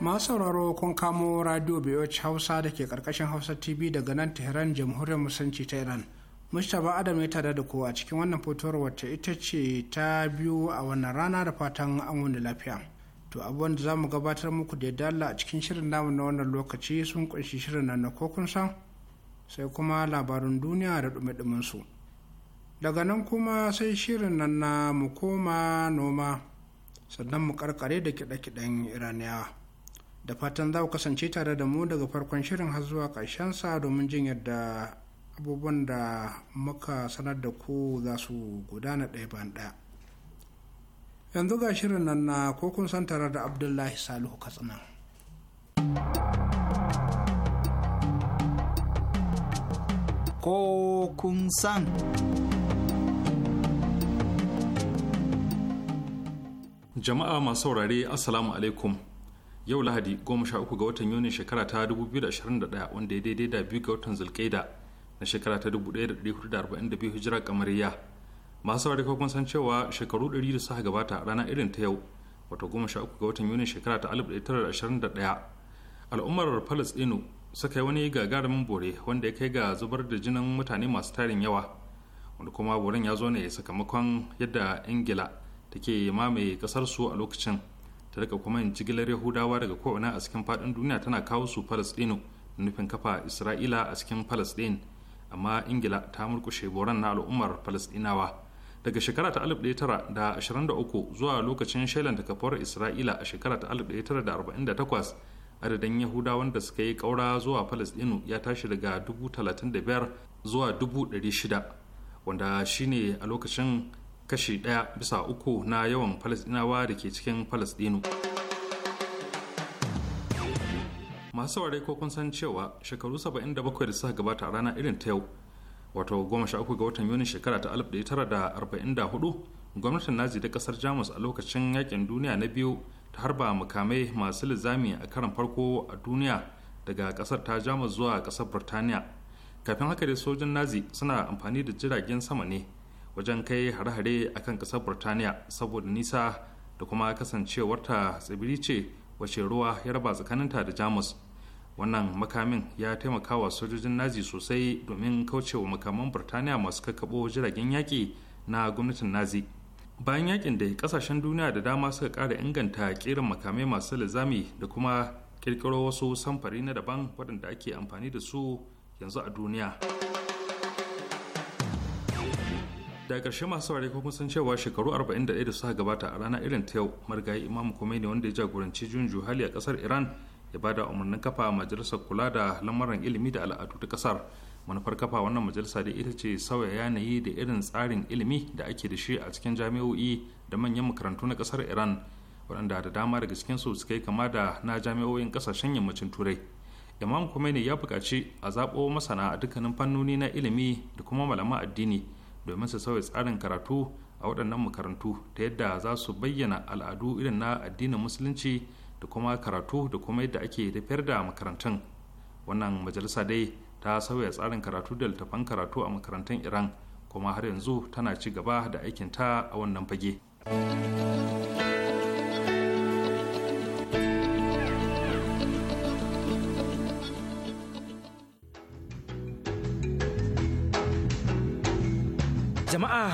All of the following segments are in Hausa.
masu sauraro kun kamo radio BH Hausa da ke karkashin Hausa TV daga nan Tehran jamhuriyar musanci ta Iran. Mustapha Adam ya tada da kowa cikin wannan fitowar wacce ita ce ta biyu a wannan rana da fatan an wani lafiya. To abubuwan da za mu gabatar muku da dala a cikin shirin namu na wannan lokaci sun kunshi shirin nan na kokun san sai kuma labarin duniya da dumi su. Daga nan kuma sai shirin nan na mu koma noma sannan mu karkare da kiɗe-kiɗen Iraniyawa. da fatan za ku kasance tare da mu daga farkon shirin har zuwa sa domin jin yadda abubuwan da muka sanar da ku za su gudana ɗaya bayan ɗaya yanzu ga shirin nan na ko kun san tare da abdullahi salihu katsina ko kun san jama'a masu saurare assalamu alaikum yau lahadi 13 ga watan yuni shekara ta 2021 wanda ya daidai da biyu ga watan zulkaida na shekara ta 1442 hijira kamariya masu saurari kuma san cewa shekaru 100 da suka gabata rana irin ta yau wato 13 ga watan yuni shekara ta 1921 al'ummar dinu suka yi wani gagarumin bore wanda ya kai ga zubar da jinin mutane masu tarin yawa wanda kuma boren ya zo ne sakamakon yadda ingila take mamaye kasar su a lokacin ta rika kuma yin jigilar yahudawa daga ko'ina a cikin faɗin duniya tana kawo su falasɗinu nufin kafa isra'ila a cikin falasɗin amma ingila ta murkushe boran na al'ummar falasɗinawa daga shekara ta 1923 zuwa lokacin da kafar isra'ila a shekara ta 1948 adadin yahudawan da suka yi kaura zuwa falasɗinu ya tashi daga 35,000 zuwa 600 wanda shine a lokacin kashi ɗaya bisa uku na yawan falasɗinawa da ke cikin falasɗinu masu saurare ko kun san cewa shekaru 77 da suka gabata a rana irin ta yau wato 13 ga watan yuni shekara ta 1944 gwamnatin nazi da kasar jamus a lokacin yakin duniya na biyu ta harba mukamai masu lizami a karan farko a duniya daga kasar ta jamus zuwa kasar burtaniya kafin haka dai sojin nazi suna amfani da jiragen sama ne wajen kai hare-hare a kan ƙasar burtaniya saboda nisa da kuma kasancewarta tsibiri ce wace ruwa ya raba tsakaninta da jamus wannan makamin ya taimaka wa sojojin nazi sosai domin kaucewa makaman burtaniya masu kakkaɓo jiragen yaƙi na gwamnatin nazi bayan yakin da kasashen duniya da dama suka ƙara inganta ƙirin makamai masu lizami da kuma ƙirƙiro wasu samfari na daban waɗanda ake amfani da su yanzu a duniya. da ƙarshe masu ware kuma san cewa shekaru 41 da suka gabata a rana irin ta yau marigayi imam Khomeini wanda ya jagoranci juyin juhali a kasar iran ya ba da umarnin kafa majalisar kula da lamarin ilimi da al'adu ta kasar manufar kafa wannan majalisa da ita ce sauya yanayi da irin tsarin ilimi da ake da shi a cikin jami'o'i da manyan makarantu na kasar iran waɗanda da dama daga cikinsu suka yi kama da na jami'o'in kasashen yammacin turai imam Khomeini ya buƙaci a zaɓo masana a dukkanin fannoni na ilimi da kuma malaman addini domin su sauya tsarin karatu a waɗannan makarantu ta yadda za su bayyana al'adu irin na addinin musulunci da kuma karatu da kuma yadda ake tafiyar da makarantun wannan majalisa dai ta sauya tsarin karatu da littafan karatu a makarantun iran kuma har yanzu tana ci gaba da aikinta a wannan fage.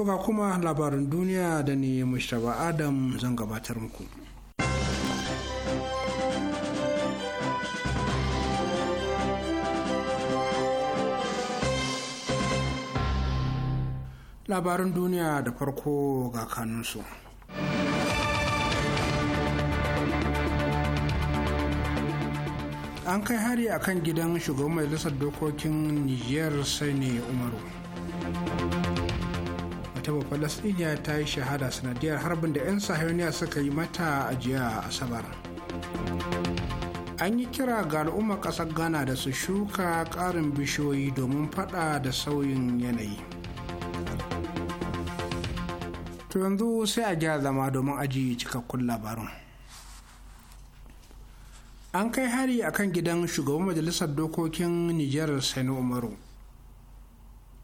To ga kuma labarin duniya da ni Mustapha Adam zan gabatar muku. Labarin duniya da farko ga kanunsu. An kai hari akan gidan shugaban majalisar dokokin Nijar Sani Umaru. wata bafalastiniya ta yi shahada sanadiyar harbin da 'yan sahiyoniya suka yi mata a jiya asabar an yi kira ga al'ummar ƙasar ghana da su shuka ƙarin bishiyoyi domin fada da sauyin yanayi to yanzu sai a gyara zama domin aji cikakkun labarin an kai hari kan gidan shugaban majalisar dokokin nijar sani umaru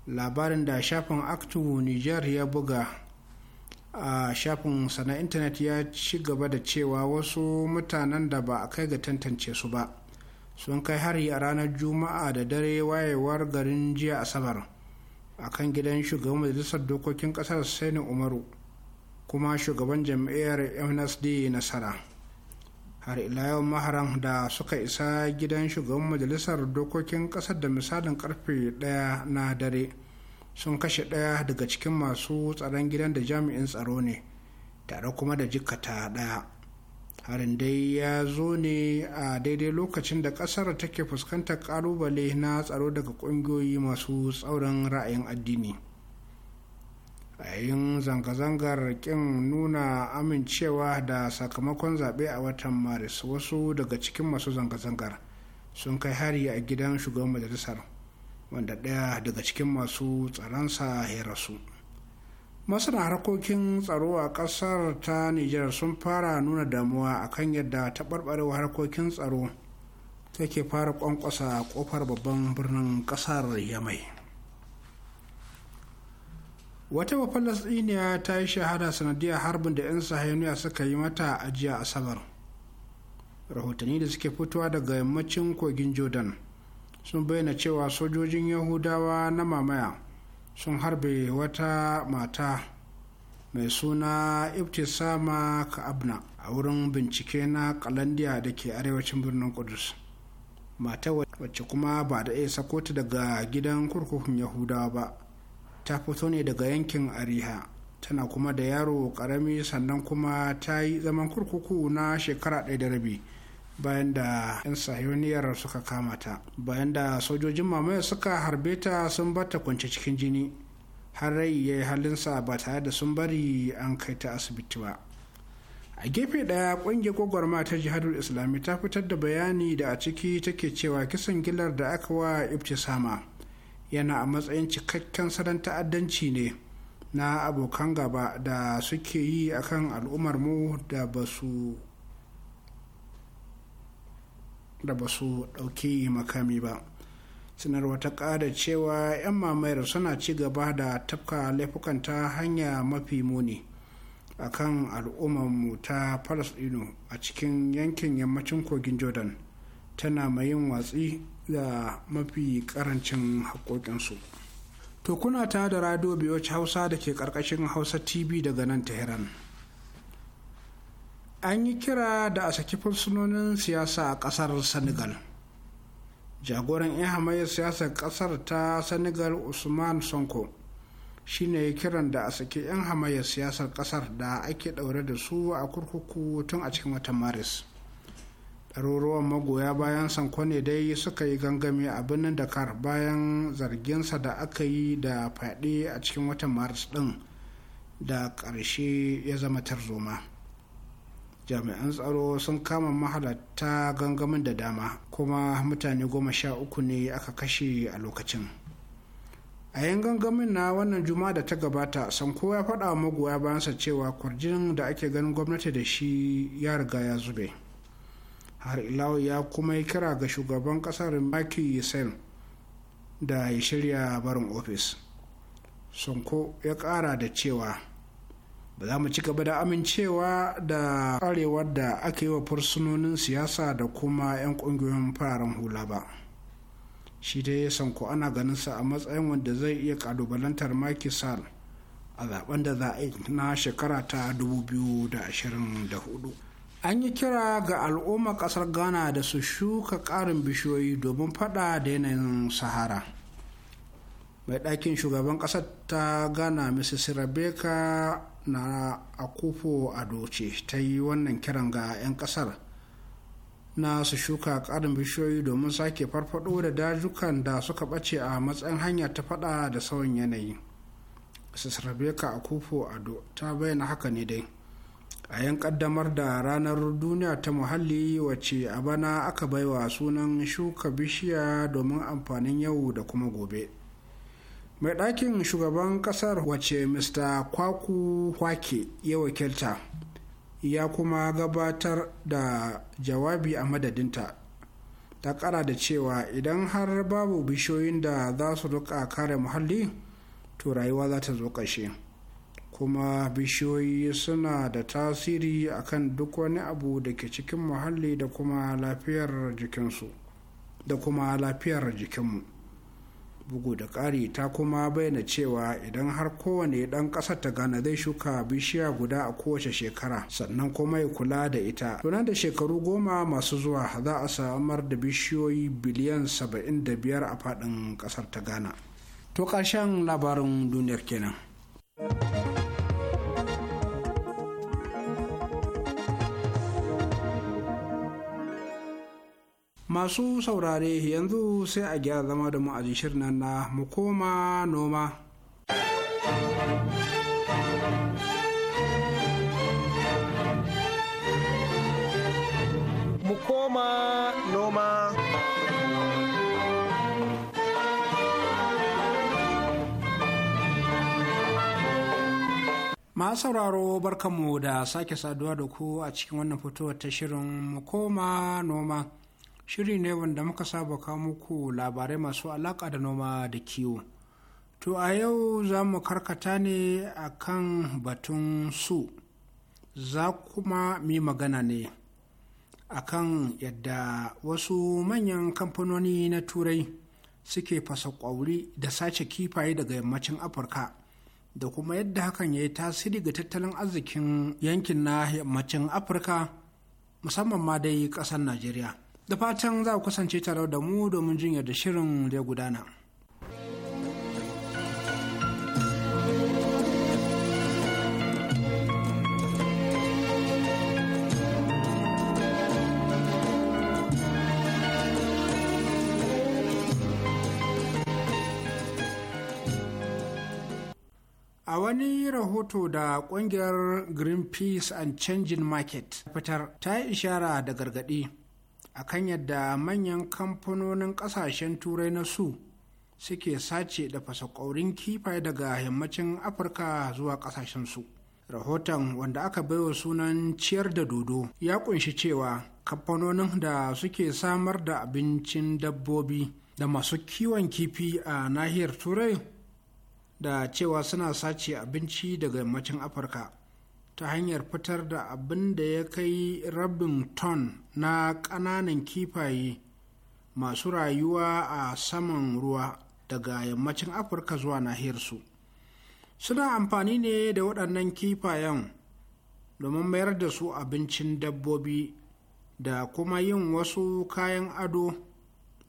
labarin da shafin aktu niger ya buga a shafin sana intanet ya ci gaba da cewa wasu mutanen da ba a kai ga tantance su ba sun kai hari a ranar juma'a da dare wayewar garin jiya asabar a kan gidan shugaban majalisar dokokin kasar sani umaru kuma shugaban jam'iyyar msd nasara har ila yau maharan da suka isa gidan shugaban majalisar dokokin kasar da misalin karfe daya na dare sun kashe daya daga cikin masu tsaron gidan da jami'in tsaro ne tare kuma da jikata daya harin dai ya zo ne a daidai lokacin da kasar take fuskantar kalubale na tsaro daga ƙungiyoyi masu tsaurin ra'ayin addini a yayin zanga-zangar kin nuna amincewa da sakamakon zaɓe a watan maris wasu daga cikin masu zanga-zangar sun kai hari a gidan shugaban majalisar wanda ɗaya daga cikin masu tsaronsa ya rasu masana harkokin tsaro a ƙasar ta nijar sun fara nuna damuwa a kan yadda taɓarɓarewa harkokin tsaro take fara ƙwanƙwasa ƙofar babban birnin ƙasar yamai wata falasɗiniya ta yi shahara sanadiyar harbin da 'yan sahayuniya suka yi mata a jiya asabar rahotanni da suke fitowa daga yammacin kogin jordan sun bayyana cewa sojojin yahudawa na mamaya sun harbe wata mata mai suna ibtisama ka'abna a wurin bincike na kalandiya da ke arewacin birnin kudus mata wacce kuma ba da iya sakota daga gidan kurkukun yahudawa ba ta fito ne daga yankin ariha tana kuma da yaro karami sannan kuma ta yi zaman kurkuku na shekara ɗaya da rabi bayan da 'yan sahiyoniyar suka kama ta bayan da sojojin mamaya suka harbe ta sun bata kwanci cikin jini har rai ya yi halinsa ba tare da sun bari an kai ta asibiti ba a gefe ɗaya ƙungiyar gwagwarma ta jihadar islami ta fitar da bayani da a ciki take cewa kisan gilar da aka wa ibtisama yana a matsayin cikakken salon ta'addanci ne na abokan gaba da suke yi akan al'ummar mu da ba su da ba su ɗauki makami ba sanarwa ta ƙada cewa 'yan mamayar suna ci gaba da tafka laifukan ta hanya mafi muni a kan mu ta palestino a cikin yankin yammacin kogin jordan tana mai yin watsi da mafi karancin haƙoƙinsu. To kuna ta da radio biyoci Hausa da ke ƙarƙashin Hausa TV daga nan Tehran. An yi kira da a saki fursunonin siyasa a ƙasar Senegal. Jagoran 'yan hamayar siyasar ƙasar ta Senegal Usman Sonko shine kiran da a saki 'yan hamayyar siyasar ƙasar da ake ɗaure da su a kurkuku tun a cikin watan Maris. ɗaruruwan magoya bayan sankone dai suka yi gangami a birnin dakar bayan zarginsa da aka yi da fyaɗe a cikin watan maris ɗin da ƙarshe ya zama tarzoma jami'an tsaro sun kama mahalatta gangamin da dama kuma mutane goma sha uku ne aka kashe a lokacin a yin gangamin na wannan juma da ta gabata sanko ya faɗa magoya bayansa cewa kwarjin da ake ganin gwamnati da shi ya riga ya zube. har ila ya kuma yi kira ga shugaban kasar maki sen da ya shirya barin ofis sunko ya kara da cewa ba za mu ci gaba da amincewa da karewar da aka yi wa fursunonin siyasa da kuma 'yan kungiyoyin fararen hula ba shi dai ya sanko ana sa a matsayin wanda zai iya kalubalantar maki sal a zaben da za a yi na shekara ta 2024 an yi kira ga al'ummar kasar ghana da su shuka ƙarin bishiyoyi domin fada da yanayin sahara mai ɗakin shugaban ƙasar ta ghana mrs rebecca na akufo adoce ta yi wannan kiran ga 'yan ƙasar na su shuka ƙarin bishiyoyi domin sake farfado da dajukan da suka ɓace a matsayin hanya ta faɗa da sauyin yanayi mrs rebecca akufo ado ta bayyana haka ne dai a yan kaddamar da ranar duniya ta muhalli wacce a bana aka baiwa sunan shuka bishiya domin amfanin yau da kuma gobe mai ɗakin shugaban ƙasar wacce mr kwaku kwake ya wakilta ya kuma gabatar da jawabi a madadinta ta ƙara da cewa idan har babu bishiyoyin da za su rika kare muhalli to rayuwa za ta zo ƙashe. kuma bishiyoyi suna da tasiri akan duk wani abu da ke cikin muhalli da kuma lafiyar jikinsu da kuma lafiyar jikinmu bugu da ƙari ta kuma bayyana cewa idan har kowane ɗan ƙasar ta gana zai shuka bishiya guda a kowace shekara sannan kuma ya kula da ita tunan da shekaru goma masu zuwa za a samar da bishiyoyi biliyan 75 a faɗin ƙasar ta ghana to ƙarshen labarin duniyar kenan. masu saurare yanzu sai a gyara zama da mu a nan na mu noma ma sauraro barkanmu da sake saduwa da ku a cikin wannan fitowar ta shirin mukoma noma shiri ne wanda muka saba kawo muku labarai masu alaƙa da noma da kiwo to a yau za mu karkata ne a kan batun su za kuma mi magana ne a kan yadda wasu manyan kamfanoni na turai suke fasa kwauri da sace kifaye daga yammacin afirka da kuma yadda hakan ya yi tasiri ga tattalin arzikin yankin na yammacin afirka musamman ma dai ƙasar najeriya da fatan za ku kasance tare da mu domin jin yadda shirin zai gudana. A wani rahoto da kungiyar Greenpeace and Changing Market fitar ta yi ishara da gargadi. a kan yadda manyan kamfanonin ƙasashen turai na su suke sace da fasakorin kifaye daga yammacin afirka zuwa ƙasashen su rahoton wanda aka baiwa sunan ciyar da dodo ya kunshi cewa kamfanonin da suke samar da abincin dabbobi da masu kiwon kifi a nahiyar turai da cewa suna sace abinci daga yammacin afirka ta hanyar fitar da abin da ya kai rabin ton na ƙananan kifaye masu rayuwa a saman ruwa daga yammacin afirka zuwa nahiyarsu suna amfani ne da waɗannan kifayen domin mayar da su abincin dabbobi da kuma yin wasu kayan ado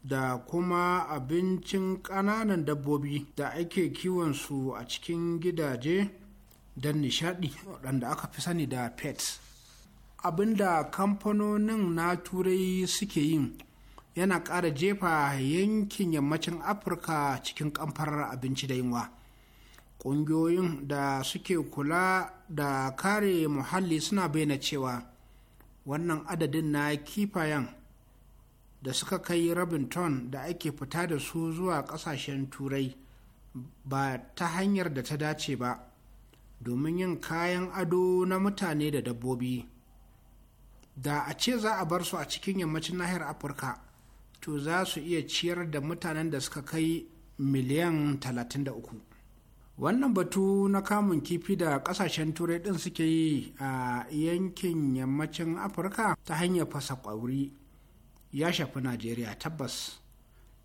da kuma abincin ƙananan dabbobi da ake su a cikin gidaje don nishaɗi waɗanda aka fi sani da pets abinda kamfanonin na turai suke yin yana ƙara jefa yankin yammacin afirka cikin kamfarar abinci da yunwa ƙungiyoyin da suke kula da kare muhalli suna bayyana cewa wannan adadin na kifayen da suka kai rabin ton da ake fita da su zuwa ƙasashen turai ba ta hanyar da ta dace ba domin yin kayan ado na mutane da dabbobi da a ce za a bar su a cikin yammacin nahiyar afirka to za su iya ciyar da mutanen da suka kai miliyan 33 wannan batu na kamun kifi da kasashen turai din suke yi a yankin yammacin afirka ta hanyar fasa kwauri ya shafi najeriya tabbas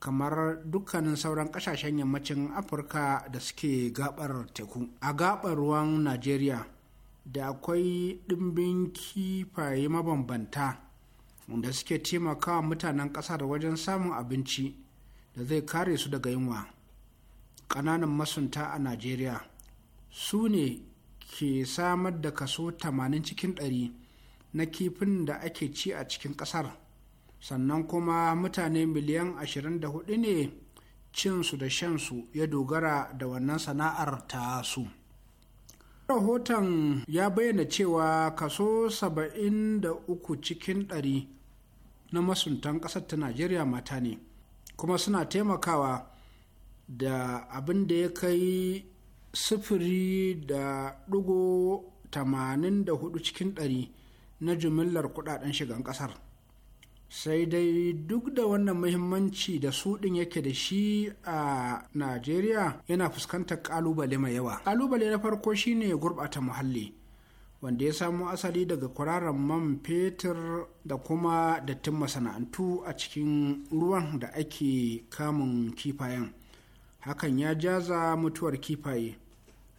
kamar dukkanin sauran kasashen yammacin afirka da suke gabar teku a gabar ruwan najeriya da akwai ɗimbin kifaye mabambanta wanda suke taimakawa mutanen ƙasar wajen samun abinci da zai kare su daga yunwa ƙananan masunta a najeriya su ne ke samar da kaso 80 cikin 100 na kifin da ake ci a cikin ƙasar sannan kuma mutane miliyan 24 ne cinsu da shansu ya dogara da wannan sana'ar ta su. rahoton ya bayyana cewa kaso 73 cikin 100 na masuntan ƙasar ta najeriya mata ne kuma suna taimakawa da abin da ya kai sifiri da ɗigo 84 cikin 100 na jumillar kudaden shigan ƙasar sai dai duk da wannan muhimmanci da suɗin yake da shi a najeriya yana fuskantar ƙalubale mai yawa ƙalubale na farko shine gurɓata muhalli wanda ya samo asali daga kwararan man fetur da kuma dattin masana'antu a cikin ruwan da ake kamun kifayen hakan ya jaza mutuwar kifaye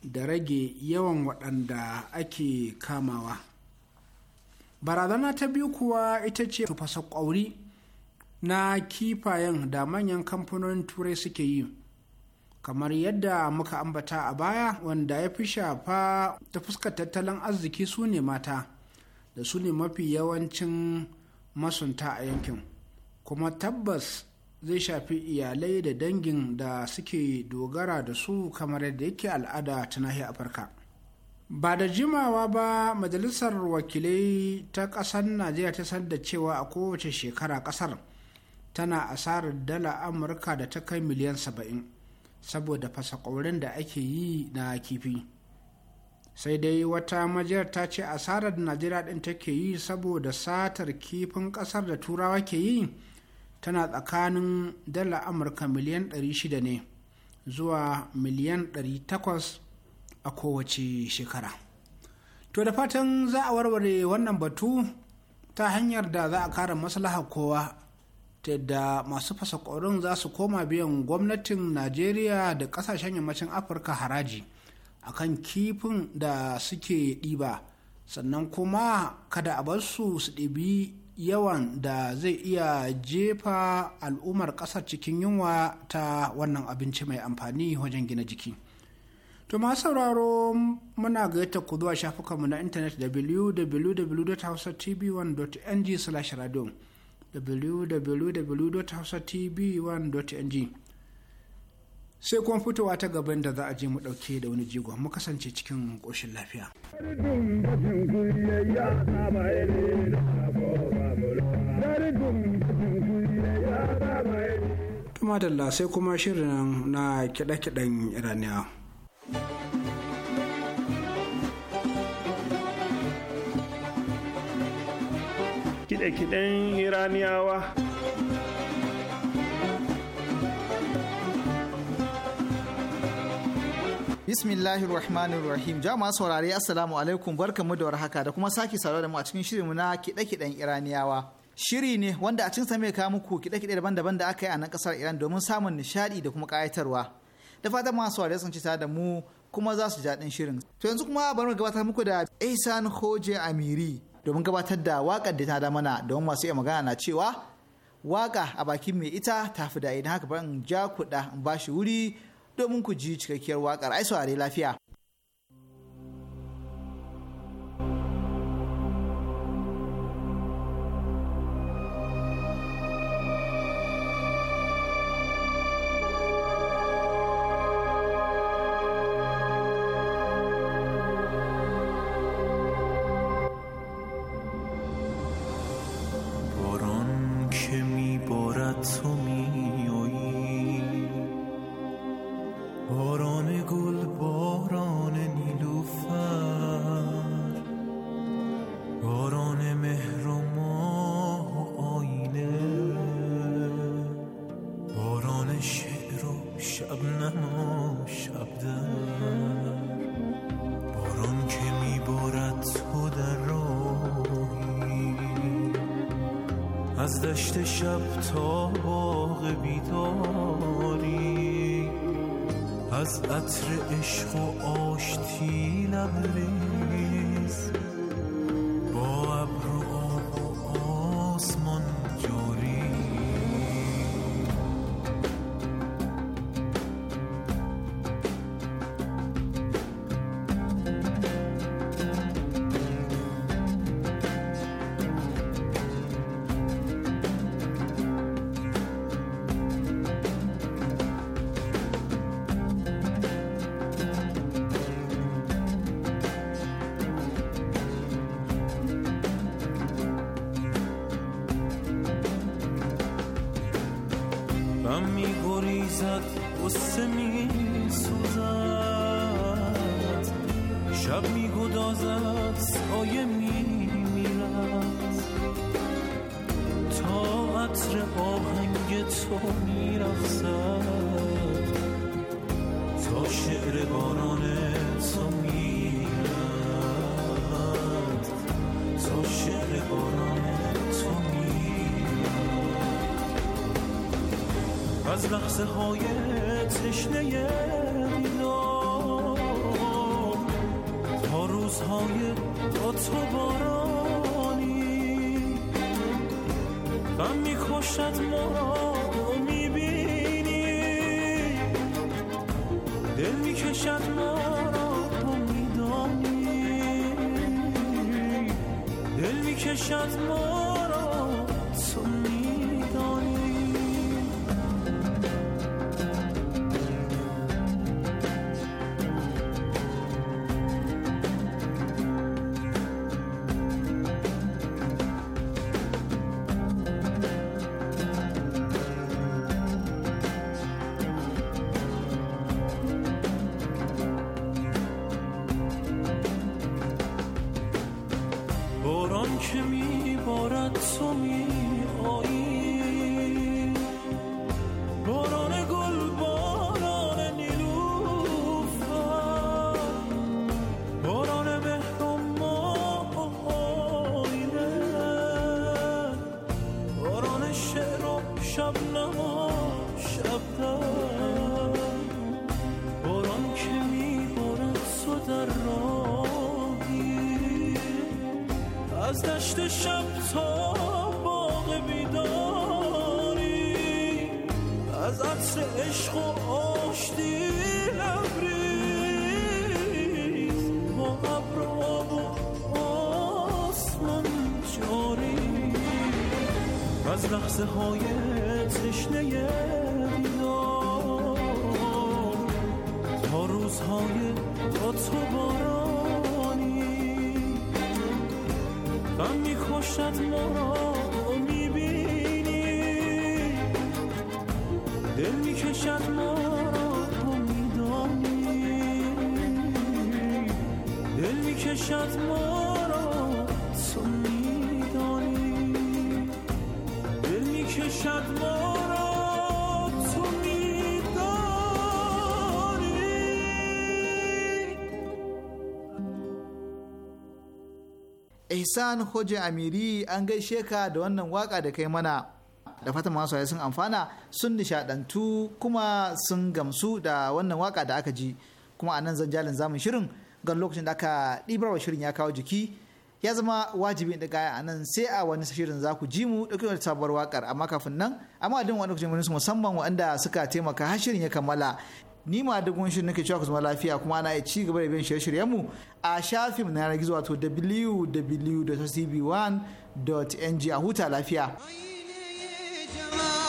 da rage yawan waɗanda ake kamawa barazana ta biyu kuwa ita ce tufasa ƙwauri na kifayen da manyan kamfanonin turai suke yi kamar yadda muka ambata a baya wanda ya fi shafa ta fuska tattalin arziki su ne mata da su ne mafi yawancin masunta a yankin kuma tabbas zai shafi iyalai da dangin da suke dogara da su kamar yadda yake al'ada ta nahiyar afirka ba da jimawa ba majalisar wakilai ta ƙasar najeriya ta san da cewa a kowace shekara ƙasar tana asarar dala amurka da ta kai miliyan saba'in saboda fasakorin da ake yi na kifi sai dai wata majiyar ta ce asarar najeriya ɗin take yi saboda satar kifin ƙasar da turawa ke yi tana tsakanin dala amurka miliyan 600 ne zuwa miliyan 800 a kowace shekara to da fatan za a warware wannan batu ta hanyar da za a kare maslahar kowa ta yadda masu fasa za su koma biyan gwamnatin najeriya da ƙasashen yammacin afirka haraji a kan kifin da suke ɗiba sannan kuma kada a bar su su ɗibi yawan da zai iya jefa al'ummar ƙasar cikin yunwa ta wannan abinci mai amfani wajen gina jiki To masu sauraro muna gayyata ku zuwa shafukanmu na intanet www.hausatv1.ng slash radio www.hausatv1.ng sai kuma fitowa ta gaban da za a je mu dauke da wani jigo mu kasance cikin ƙoshin lafiya. Tumadalla sai kuma shirin na kiɗa-kiɗan Iraniya. Kiɗe-kiɗen Iraniyawa Bismillahir Rahmanir Rahim. Jama'a saurare Assalamu alaikum barkamu da warhaka da kuma sake saurare da mu a cikin shirinmu na kiɗe-kiɗen Iraniyawa. Shiri ne wanda a cikin sa mai kawo muku kiɗe-kiɗe daban-daban da aka yi a nan ƙasar Iran domin samun nishaɗi da kuma ƙayatarwa. da fatan masu wariya sun ci da mu kuma za su ji daɗin shirin to yanzu kuma bari mu gabatar muku da isan Hoje Amiri domin gabatar da waƙar da ta da mana domin masu iya magana na cewa waƙa a bakin mai ita ta fi da idan haka bari in ja kuɗa in ba shi wuri domin ku ji cikakkiyar waƙar ai saurare lafiya دشت شب تا باغ بیداری از عطر عشق و آشتی لبریز دلت قصه می سوزد شب می گدازد سایه می میرد تا عطر آهنگ تو می تا شعر باران تو می تا شعر باران از لحظه های تشنه دیدار تا روزهای با تو بارانی و میکشد ما را میبینی دل میکشد ما را میدانی دل میکشد ما مثل عشق و لبریز با عبر آب و آسمان جاری از لحظه های تشنه بیدار تا روزهای با تو بارانی غم میکشد ما دل میکشد ما را تو میدانی دل میکشد ما را تو میدانی دل میکشد ما را تو میدانی احسان خوج امیری انگه gaishe ka da wannan waka da da fatan masu sun amfana sun nishadantu kuma sun gamsu da wannan waka da aka ji kuma a nan zanjalin zamun shirin gan lokacin da aka ɗibarwa shirin ya kawo jiki ya zama wajibi da gaya a nan sai a wani shirin za ku ji mu ɗauki wata sabuwar wakar amma kafin nan amma din wani lokacin wani musamman waɗanda suka taimaka har shirin ya kammala ni ma duk wani shirin nake cewa ku zama lafiya kuma ana ci gaba da bin shirye-shiryen mu a shafin na yanar gizo wato www.tv1.ng a huta lafiya. Jamal.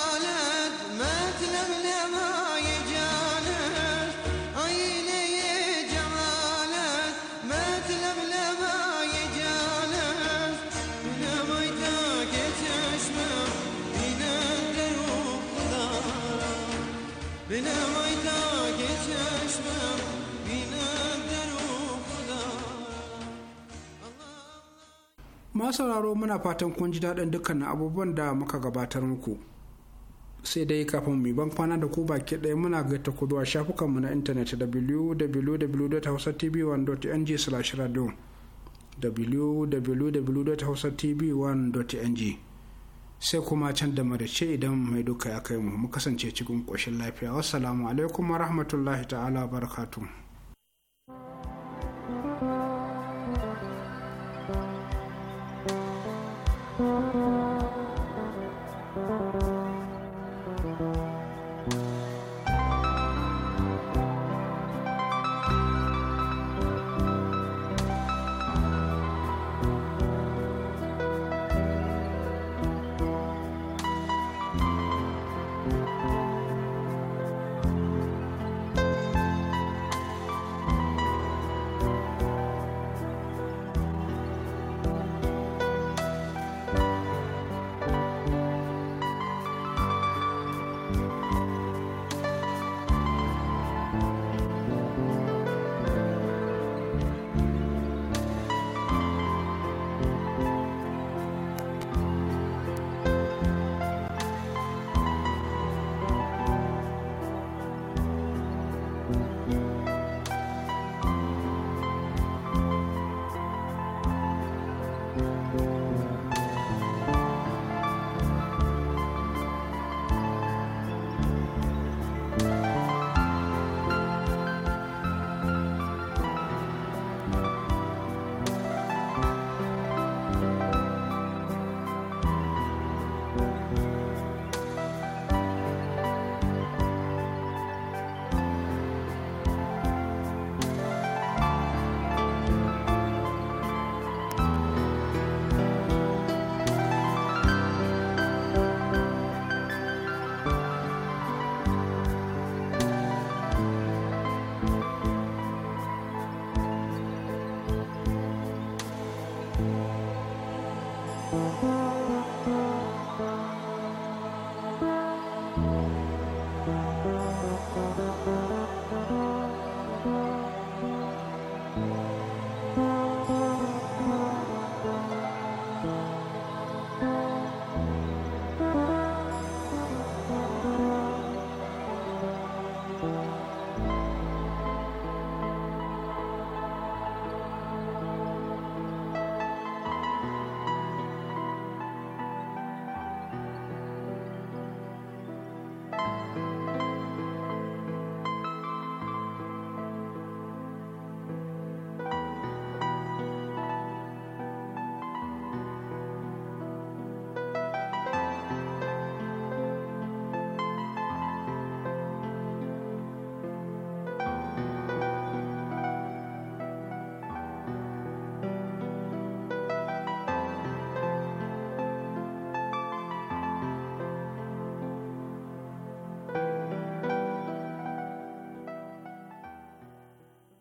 masu sauraro muna fatan kun ji daɗin dukkanin abubuwan da muka gabatar muku sai dai kafin mu ban kwana da ku baki ɗaya muna ga ta ku zuwa shafukanmu na intanet www.hausatv1.ng slash radio www.hausatv1.ng sai kuma can da madace idan mai duka ya kai mu mu kasance cikin ƙoshin lafiya wassalamu alaikum wa rahmatullahi ta'ala barakatuhu